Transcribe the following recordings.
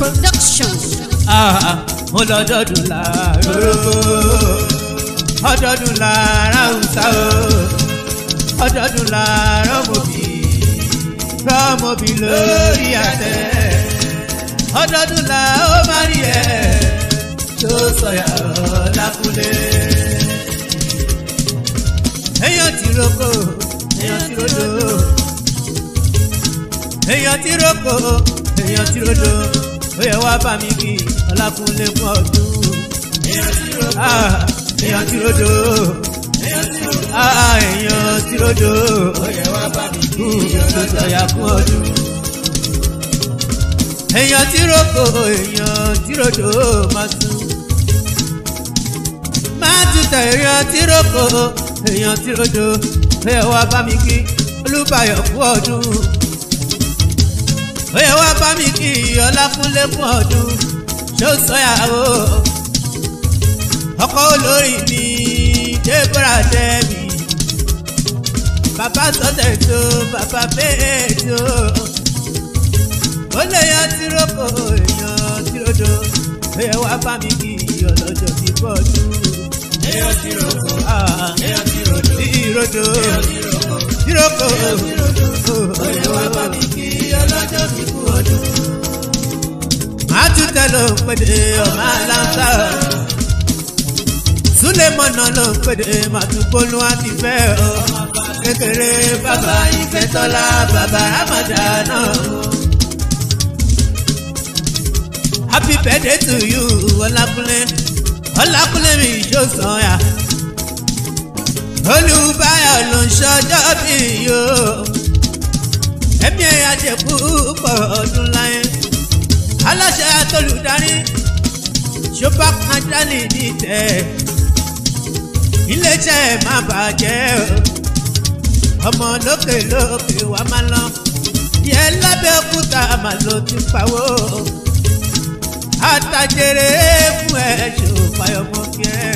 Productions. Ah, ah mo lọ́dọọdún láàárọ̀ ọdọọdún láàárọ̀ àwùsá o ọdọọdún láàárọ̀ mọ̀bí rọ́mọ̀bí lórí àtẹ ọdọọdún láàárọ̀ máa rí ẹ̀ tó sọ̀yà ọ̀làkúnlé. èèyàn ti roko èèyàn ti rodo èèyàn ti roko èèyàn tí rodo ó yẹ wá bá mi kí ọlákùnlé fún ọdún. èèyàn tí rodo ah, èèyàn tí rodo ah, ah, ó yẹ wá bá mi kí ọlákùnlé fún ọdún. èèyàn tí roko èèyàn tí rodo máa tún máa tún tẹ èèyàn tí roko èèyàn tí rodo ó yẹ wá bá mi kí olúbàyọ̀ fún ọdún. Oye wá bá mi kí Ọlákúnlé fún ọdún ṣó sọ́yàwó. Ọkọ olórí mi Deborah Demi. Bàbá sọ́tẹ̀ tó bàbá bẹ́ẹ̀ tó. Ó lè yan tí roko èèyàn tí rodo. Oye wá bá mi kí ọlọ́jọ́ ti pọ̀ jù. Èèyàn tí roko, ah, èèyàn tí rodo. Tí rodo, tí roko, tí roko. ló ń pèdè ọmọ aláǹsá. Súlẹ̀mọ̀nà ló ń pèdè màtúgbólú àti fẹ́ o. Kékeré bàbá Ifẹ̀tọ́lá bàbá Amọ̀dá náà. Happy birthday to you, Ọlákúnlé. Ọlákúnlé mi yóò sàn yà. Olúbáyọ̀ ló ń ṣọjọ́ bí yóò. Ẹ̀mí ẹ̀yà jẹ̀kú pọ̀ ọdún láyé aláṣẹ àtolùdarí ṣọba kájálì ní tẹ iléeṣẹ́ má bàjẹ́ o ọmọ lókè lókè wà má lọ yẹ lábẹ́òkúta má ló ti pawó àtàjèrè fún ẹ ṣòfàyọmọ kí ẹ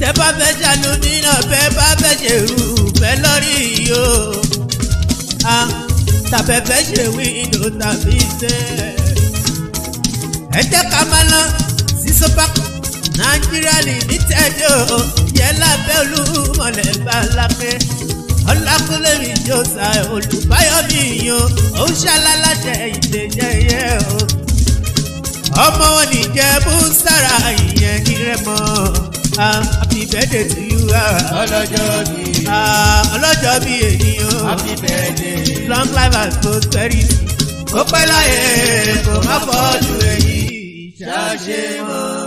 tẹ bá fẹ́ ṣàlùmí náà bẹ́ẹ̀ bá fẹ́ ṣèrú bẹ́ẹ̀ lọ́rí yìí o tàbẹ̀fẹ́ ṣe wíńdò tàbí iṣẹ́. ẹ jẹ́ ká máa lọ sí Super Nigeria Limited o yẹ lábẹ́ olúmọ̀lẹ́ balápẹ́ ọlákúnlé mi yóò sa olùbáyọ̀mí yìí o ó ń ṣàlàlàjẹ ìdè yẹyẹ o ọmọ wọn nìjẹ́ bú sára ìyẹn kí rẹ mọ́ Ah, happy birthday to you. Ah. ọlọ́jọ́ bí. Ah, ọlọ́jọ́ bí èyí o. happy birthday. long life and prosperity. ó pẹ́ láyé kò má fọ́ọ̀dù èyí ṣáṣe mọ́.